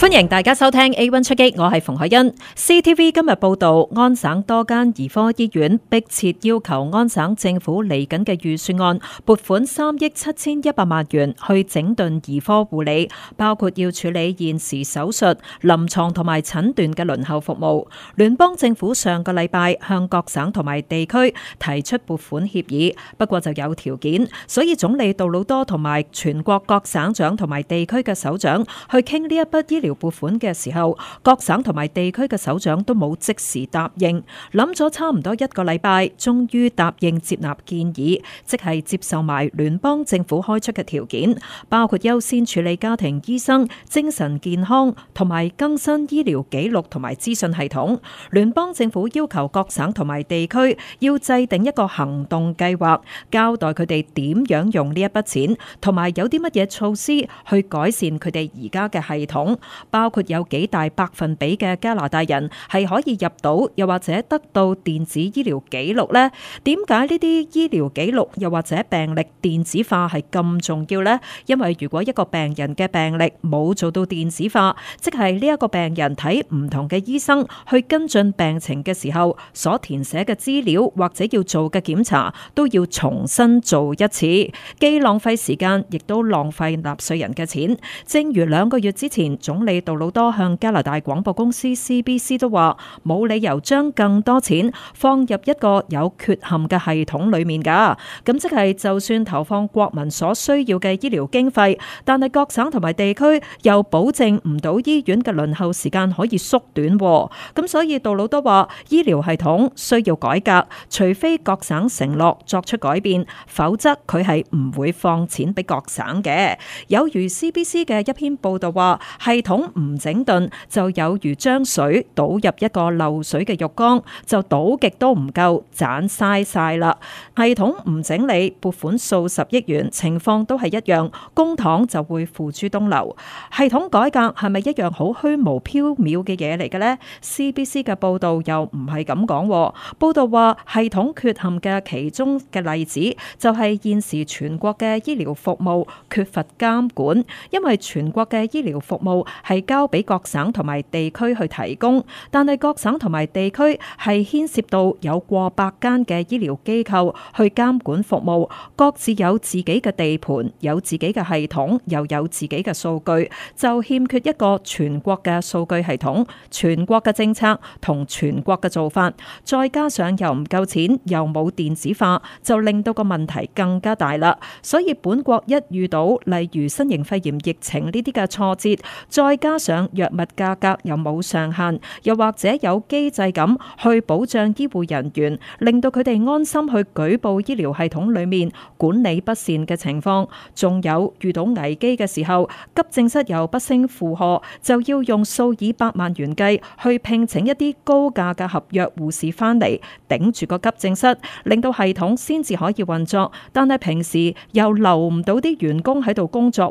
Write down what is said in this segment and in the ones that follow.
歡迎大家收聽 A One 出擊，我係馮海恩。CTV 今日報道，安省多間兒科醫院迫切要求安省政府嚟緊嘅預算案撥款三億七千一百萬元去整頓兒科護理，包括要處理現時手術、臨床同埋診斷嘅輪候服務。聯邦政府上個禮拜向各省同埋地區提出撥款協議，不過就有條件，所以總理杜魯多同埋全國各省長同埋地區嘅首長去傾呢一筆醫療。撥款嘅時候，各省同埋地區嘅首長都冇即時答應，諗咗差唔多一個禮拜，終於答應接納建議，即係接受埋聯邦政府開出嘅條件，包括優先處理家庭醫生、精神健康同埋更新醫療記錄同埋資訊系統。聯邦政府要求各省同埋地區要制定一個行動計劃，交代佢哋點樣用呢一筆錢，同埋有啲乜嘢措施去改善佢哋而家嘅系統。包括有幾大百分比嘅加拿大人係可以入到，又或者得到電子醫療記錄咧？點解呢啲醫療記錄又或者病歷電子化係咁重要咧？因為如果一個病人嘅病歷冇做到電子化，即係呢一個病人睇唔同嘅醫生去跟進病情嘅時候，所填寫嘅資料或者要做嘅檢查都要重新做一次，既浪費時間，亦都浪費納稅人嘅錢。正如兩個月之前總理。係杜魯多向加拿大廣播公司 CBC 都話，冇理由將更多錢放入一個有缺陷嘅系統裏面噶，咁即係就算投放國民所需要嘅醫療經費，但係各省同埋地區又保證唔到醫院嘅輪候時間可以縮短，咁所以杜魯多話醫療系統需要改革，除非各省承諾作出改變，否則佢係唔會放錢俾各省嘅。有如 CBC 嘅一篇報道話，系統。唔整頓就有如將水倒入一個漏水嘅浴缸，就倒極都唔夠，盞嘥晒啦。系統唔整理，撥款數十億元，情況都係一樣，公帑就會付諸東流。系統改革係咪一樣好虛無縹緲嘅嘢嚟嘅呢？CBC 嘅報道又唔係咁講，報道話系統缺陷嘅其中嘅例子就係現時全國嘅醫療服務缺乏監管，因為全國嘅醫療服務。係交俾各省同埋地區去提供，但係各省同埋地區係牽涉到有過百間嘅醫療機構去監管服務，各自有自己嘅地盤，有自己嘅系統，又有自己嘅數據，就欠缺一個全國嘅數據系統、全國嘅政策同全國嘅做法。再加上又唔夠錢，又冇電子化，就令到個問題更加大啦。所以本國一遇到例如新型肺炎疫情呢啲嘅挫折，再加上藥物價格又冇上限，又或者有機制咁去保障醫護人員，令到佢哋安心去舉報醫療系統裡面管理不善嘅情況。仲有遇到危機嘅時候，急症室又不勝負荷，就要用數以百萬元計去聘請一啲高價嘅合約護士翻嚟頂住個急症室，令到系統先至可以運作。但係平時又留唔到啲員工喺度工作，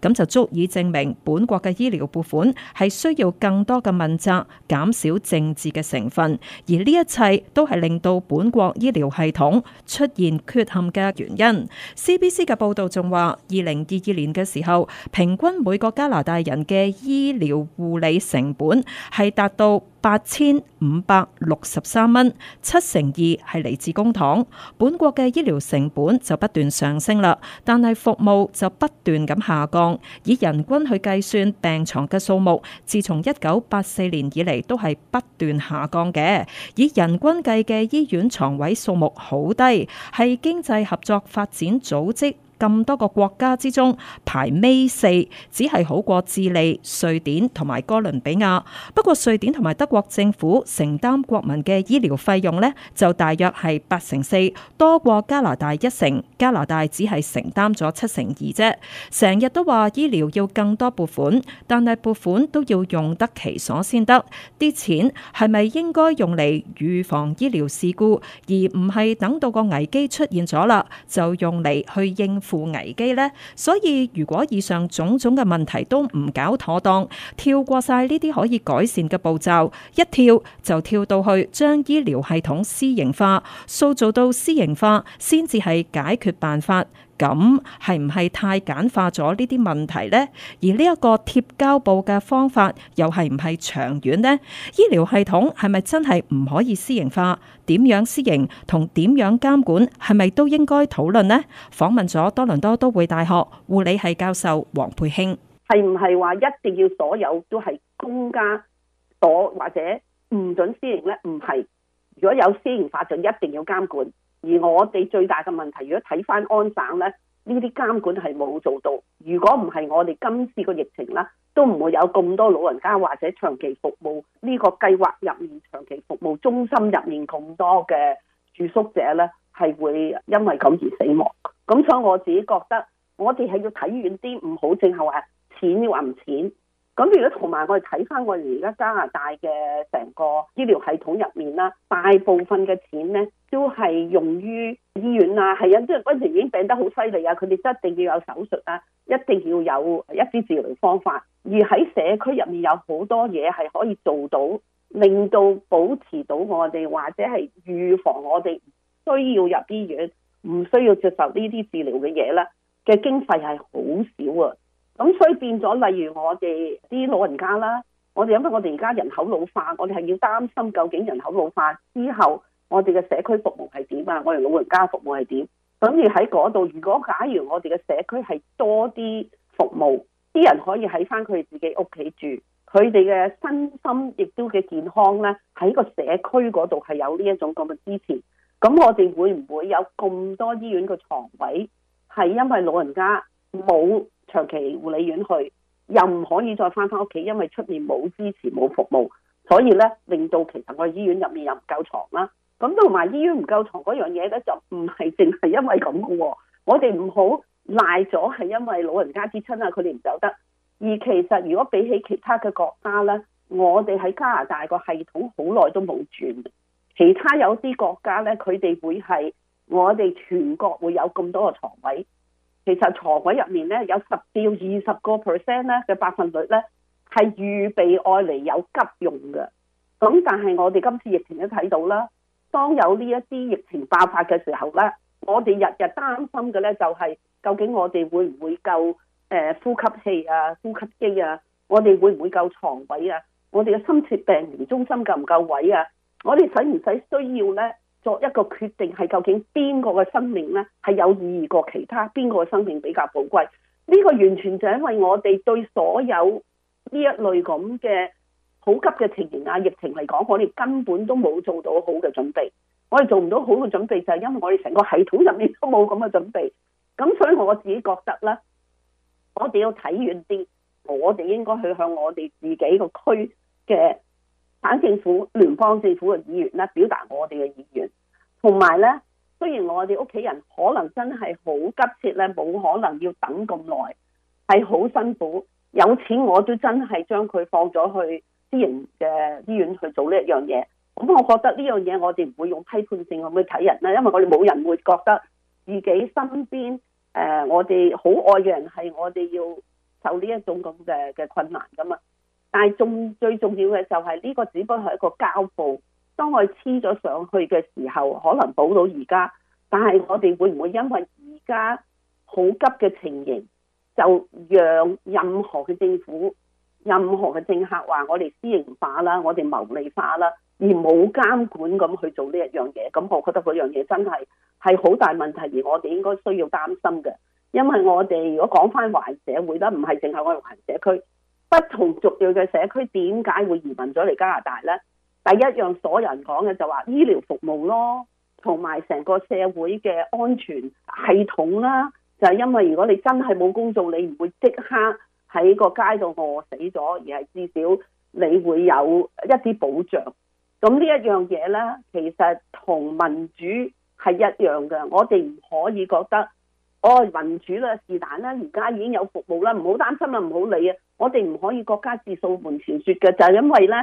咁就足以證明本國嘅醫療。醫療撥款係需要更多嘅問責，減少政治嘅成分，而呢一切都係令到本國醫療系統出現缺陷嘅原因。CBC 嘅報道仲話，二零二二年嘅時候，平均每個加拿大人嘅醫療護理成本係達到。八千五百六十三蚊，七成二係嚟自公帑。本國嘅醫療成本就不斷上升啦，但係服務就不斷咁下降。以人均去計算病床嘅數目，自從一九八四年以嚟都係不斷下降嘅。以人均計嘅醫院床位數目好低，係經濟合作發展組織。咁多個國家之中排尾四，只係好過智利、瑞典同埋哥倫比亞，不過瑞典同埋德國政府承擔國民嘅醫療費用咧，就大約係八成四，多過加拿大一成。加拿大只係承擔咗七成二啫。成日都話醫療要更多撥款，但係撥款都要用得其所先得。啲錢係咪應該用嚟預防醫療事故，而唔係等到個危機出現咗啦，就用嚟去應負危機呢？所以如果以上種種嘅問題都唔搞妥當，跳過晒呢啲可以改善嘅步驟，一跳就跳到去將醫療系統私營化，塑造到私營化先至係解決辦法。咁係唔係太簡化咗呢啲問題呢？而呢一個貼膠布嘅方法又係唔係長遠呢？醫療系統係咪真係唔可以私營化？點樣私營同點樣監管係咪都應該討論呢？訪問咗多倫多都會大學護理系教授黃佩興。係唔係話一定要所有都係公家所，或者唔准私營呢？唔係，如果有私營化就一定要監管。而我哋最大嘅問題，如果睇翻安省咧，呢啲監管係冇做到。如果唔係，我哋今次個疫情啦，都唔會有咁多老人家或者長期服務呢個計劃入面長期服務中心入面咁多嘅住宿者咧，係會因為咁而死亡。咁所以我自己覺得，我哋係要睇遠啲，唔好淨係話錢話唔錢。咁如果同埋我哋睇翻我哋而家加拿大嘅成個醫療系統入面啦，大部分嘅錢咧都係用於醫院啊，係啊，即係嗰陣時已經病得好犀利啊，佢哋一定要有手術啊，一定要有一啲治療方法。而喺社區入面有好多嘢係可以做到，令到保持到我哋或者係預防我哋需要入醫院，唔需要接受呢啲治療嘅嘢啦嘅經費係好少啊。咁所以變咗，例如我哋啲老人家啦，我哋因為我哋而家人口老化，我哋係要擔心究竟人口老化之後，我哋嘅社區服務係點啊？我哋老人家服務係點？咁要喺嗰度，如果假如我哋嘅社區係多啲服務，啲人可以喺翻佢哋自己屋企住，佢哋嘅身心亦都嘅健康咧，喺個社區嗰度係有呢一種咁嘅支持。咁我哋會唔會有咁多醫院嘅床位係因為老人家冇？長期護理院去又唔可以再翻返屋企，因為出面冇支持冇服務，所以咧令到其實我哋醫院入面又唔夠床啦。咁同埋醫院唔夠床嗰樣嘢咧，就唔係淨係因為咁嘅喎。我哋唔好賴咗係因為老人家之親啊，佢哋唔走得。而其實如果比起其他嘅國家咧，我哋喺加拿大個系統好耐都冇轉，其他有啲國家咧，佢哋會係我哋全國會有咁多個床位。其實牀位入面咧，有十至二十個 percent 咧，嘅百分率咧，係預備愛嚟有急用嘅。咁但係我哋今次疫情都睇到啦，當有呢一啲疫情爆發嘅時候咧，我哋日日擔心嘅咧就係究竟我哋會唔會夠誒呼吸器啊、呼吸機啊？我哋會唔會夠床位啊？我哋嘅深切病原中心夠唔夠位啊？我哋使唔使需要咧？作一個決定，係究竟邊個嘅生命咧係有意義過其他，邊個嘅生命比較寶貴？呢個完全就係因為我哋對所有呢一類咁嘅好急嘅情形啊、疫情嚟講，我哋根本都冇做到好嘅準備。我哋做唔到好嘅準備，就係因為我哋成個系統入面都冇咁嘅準備。咁所以我自己覺得咧，我哋要睇遠啲，我哋應該去向我哋自己個區嘅。省政府、聯邦政府嘅議員啦，表達我哋嘅意願，同埋咧，雖然我哋屋企人可能真係好急切咧，冇可能要等咁耐，係好辛苦。有錢我都真係將佢放咗去私營嘅醫院去做呢一樣嘢。咁、嗯、我覺得呢樣嘢我哋唔會用批判性去睇人啦，因為我哋冇人會覺得自己身邊誒、呃、我哋好愛嘅人係我哋要受呢一種咁嘅嘅困難噶嘛。但係重最重要嘅就係呢個只不過係一個膠布，當我黐咗上去嘅時候，可能保到而家。但係我哋會唔會因為而家好急嘅情形，就讓任何嘅政府、任何嘅政客話我哋私營化啦，我哋牟利化啦，而冇監管咁去做呢一樣嘢？咁我覺得嗰樣嘢真係係好大問題，而我哋應該需要擔心嘅。因為我哋如果講返環社會啦，唔係淨係我哋環社區。不同族裔嘅社區點解會移民咗嚟加拿大呢？第一樣所有人講嘅就話醫療服務咯，同埋成個社會嘅安全系統啦，就係因為如果你真係冇工作，你唔會即刻喺個街度餓死咗，而係至少你會有一啲保障。咁呢一樣嘢呢，其實同民主係一樣嘅。我哋唔可以覺得，哦，民主嘅是但啦，而家已經有服務啦，唔好擔心啊，唔好理啊。我哋唔可以國家自掃門前雪嘅，就係因為咧，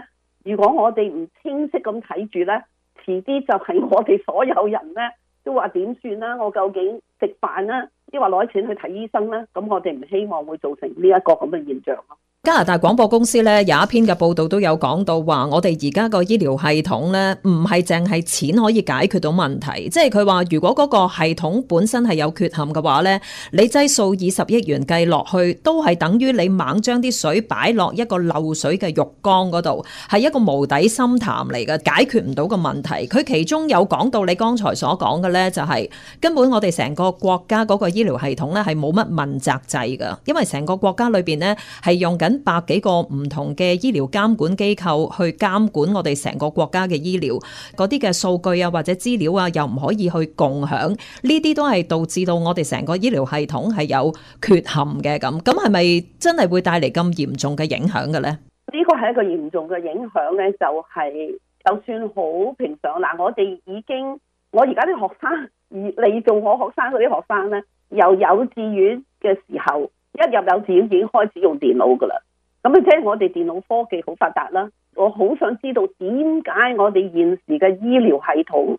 如果我哋唔清晰咁睇住咧，遲啲就係我哋所有人咧，都話點算啦？我究竟食飯啦？即話攞錢去睇醫生咧，咁我哋唔希望會造成呢一個咁嘅現象咯。加拿大廣播公司咧有一篇嘅報道都有講到話，我哋而家個醫療系統咧唔係淨係錢可以解決到問題，即係佢話如果嗰個系統本身係有缺陷嘅話咧，你擠數以十億元計落去，都係等於你猛將啲水擺落一個漏水嘅浴缸嗰度，係一個無底深潭嚟嘅，解決唔到個問題，佢其中有講到你剛才所講嘅咧、就是，就係根本我哋成個國家嗰個醫醫療系統咧，係冇乜問責制噶因為成個國家裏邊咧，係用緊百幾個唔同嘅醫療監管機構去監管我哋成個國家嘅醫療，嗰啲嘅數據啊或者資料啊又唔可以去共享，呢啲都係導致到我哋成個醫療系統係有缺陷嘅。咁，咁係咪真係會帶嚟咁嚴重嘅影響嘅咧？呢個係一個嚴重嘅影響咧，就係就算好平常嗱，我哋已經我而家啲學生。而嚟做我學生嗰啲學生呢，由幼稚園嘅時候，一入幼稚園已經開始用電腦噶啦。咁啊，即係我哋電腦科技好發達啦。我好想知道點解我哋現時嘅醫療系統，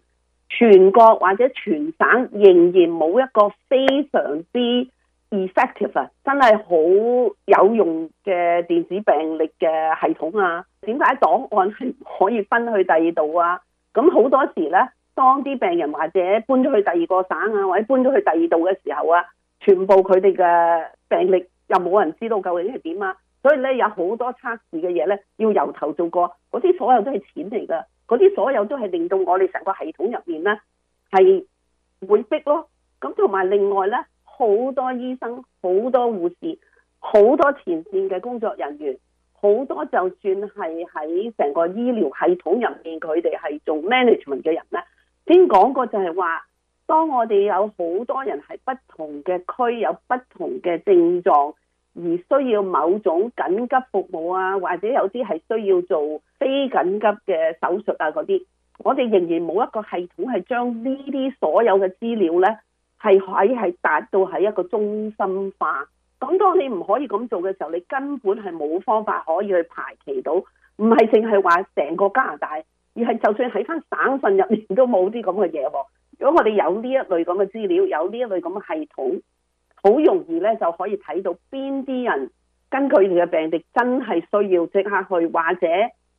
全國或者全省仍然冇一個非常之 effective 啊，真係好有用嘅電子病歷嘅系統啊？點解檔案係可以分去第二度啊？咁好多時呢。當啲病人或者搬咗去第二個省啊，或者搬咗去第二度嘅時候啊，全部佢哋嘅病歷又冇人知道究竟係點啊，所以咧有好多測試嘅嘢咧要由頭做過，嗰啲所有都係錢嚟噶，嗰啲所有都係令到我哋成個系統入面咧係會逼咯。咁同埋另外咧，好多醫生、好多護士、好多前線嘅工作人員，好多就算係喺成個醫療系統入面，佢哋係做 management 嘅人咧。先講過就係話，當我哋有好多人喺不同嘅區有不同嘅症狀，而需要某種緊急服務啊，或者有啲係需要做非緊急嘅手術啊嗰啲，我哋仍然冇一個系統係將呢啲所有嘅資料呢，係可以係達到喺一個中心化。咁當你唔可以咁做嘅時候，你根本係冇方法可以去排期到，唔係淨係話成個加拿大。而係就算喺翻省份入面都冇啲咁嘅嘢喎。如果我哋有呢一類咁嘅資料，有呢一類咁嘅系統，好容易咧就可以睇到邊啲人跟佢哋嘅病歷真係需要即刻去，或者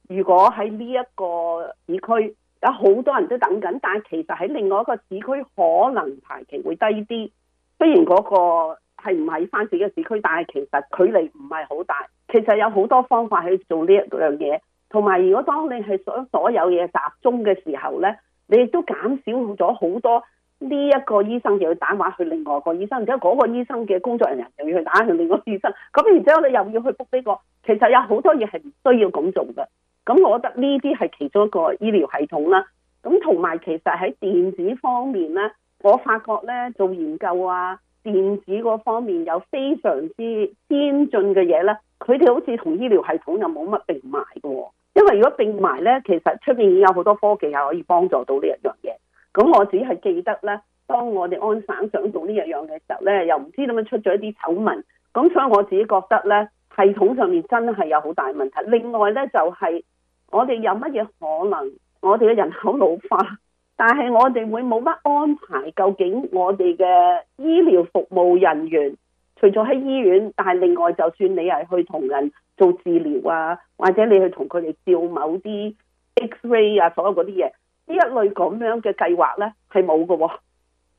如果喺呢一個市區有好多人都等緊，但係其實喺另外一個市區可能排期會低啲。雖然嗰個係唔係翻自己嘅市區，但係其實距離唔係好大。其實有好多方法去做呢一樣嘢。同埋，如果當你係所所有嘢集中嘅時候咧，你亦都減少咗好多呢一個醫生就要打話去另外個醫生，然之後嗰個醫生嘅工作人員就要去打去另外個醫生。咁然之後你又要去 book 呢個，其實有好多嘢係唔需要咁做嘅。咁我覺得呢啲係其中一個醫療系統啦。咁同埋其實喺電子方面咧，我發覺咧做研究啊，電子嗰方面有非常之先進嘅嘢咧，佢哋好似同醫療系統又冇乜並埋嘅喎、哦。因為如果併埋咧，其實出邊已經有好多科技係可以幫助到呢一樣嘢。咁我自己係記得咧，當我哋安省想做呢一樣嘅時候咧，又唔知點樣出咗一啲醜聞。咁所以我自己覺得咧，系統上面真係有好大問題。另外咧就係我哋有乜嘢可能，我哋嘅人口老化，但係我哋會冇乜安排。究竟我哋嘅醫療服務人員，除咗喺醫院，但係另外就算你係去同人。做治療啊，或者你去同佢哋照某啲 X ray 啊，所有嗰啲嘢，呢一類咁樣嘅計劃呢，係冇嘅喎。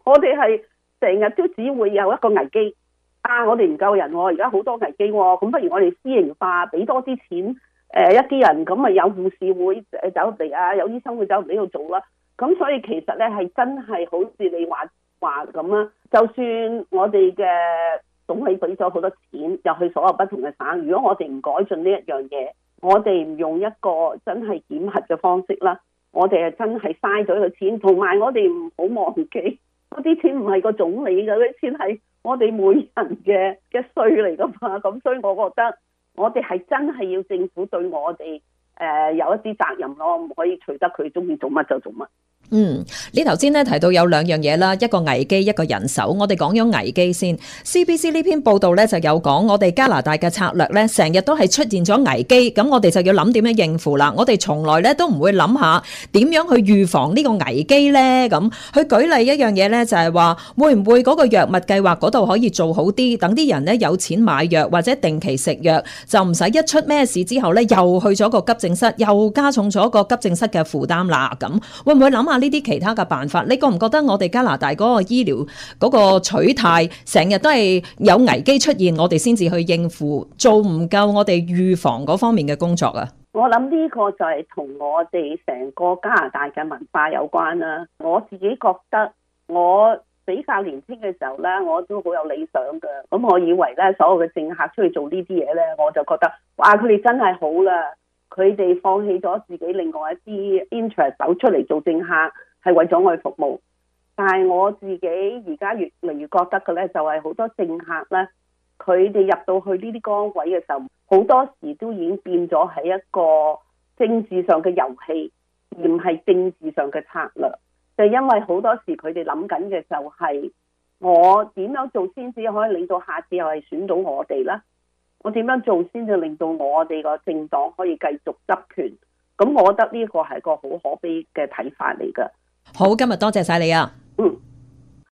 我哋係成日都只會有一個危機啊！我哋唔夠人、哦，而家好多危機喎、哦，咁不如我哋私營化，俾多啲錢誒、呃、一啲人，咁咪有護士會走入嚟啊，有醫生會走嚟呢度做啦。咁所以其實呢，係真係好似你話話咁啊，就算我哋嘅。總理俾咗好多錢，入去所有不同嘅省。如果我哋唔改進呢一樣嘢，我哋唔用一個真係檢核嘅方式啦，我哋係真係嘥咗呢個錢。同埋我哋唔好忘記，嗰啲錢唔係個總理嘅，啲錢係我哋每人嘅嘅稅嚟㗎嘛。咁所以我覺得，我哋係真係要政府對我哋。誒，有一啲責任咯，唔可以隨得佢中意做乜就做乜。嗯，你頭先咧提到有兩樣嘢啦，一個危機，一個人手。我哋講咗危機先。CBC 呢篇報道咧就有講，我哋加拿大嘅策略咧成日都係出現咗危機，咁我哋就要諗點樣應付啦。我哋從來咧都唔會諗下點樣去預防呢個危機咧。咁，佢舉例一樣嘢咧就係話，會唔會嗰個藥物計劃嗰度可以做好啲，等啲人咧有錢買藥或者定期食藥，就唔使一出咩事之後咧又去咗個急。病室又加重咗個急症室嘅負擔啦，咁會唔會諗下呢啲其他嘅辦法？你覺唔覺得我哋加拿大嗰個醫療嗰個取態，成日都係有危機出現，我哋先至去應付，做唔夠我哋預防嗰方面嘅工作啊？我諗呢個就係同我哋成個加拿大嘅文化有關啦，啊。我自己覺得我比較年輕嘅時候呢，我都好有理想嘅，咁我以為呢，所有嘅政客出去做呢啲嘢呢，我就覺得哇，佢哋真係好啦。佢哋放棄咗自己另外一啲 interest，走出嚟做政客係為咗我哋服務。但係我自己而家越嚟越覺得嘅咧，就係、是、好多政客咧，佢哋入到去呢啲崗位嘅時候，好多時都已經變咗係一個政治上嘅遊戲，而唔係政治上嘅策略。就係、因為好多時佢哋諗緊嘅就係、是、我點樣做先至可以令到下次又係選到我哋啦。我點樣做先至令到我哋個政黨可以繼續執權？咁我覺得呢個係個好可悲嘅睇法嚟㗎。好，今日多謝晒你啊！嗯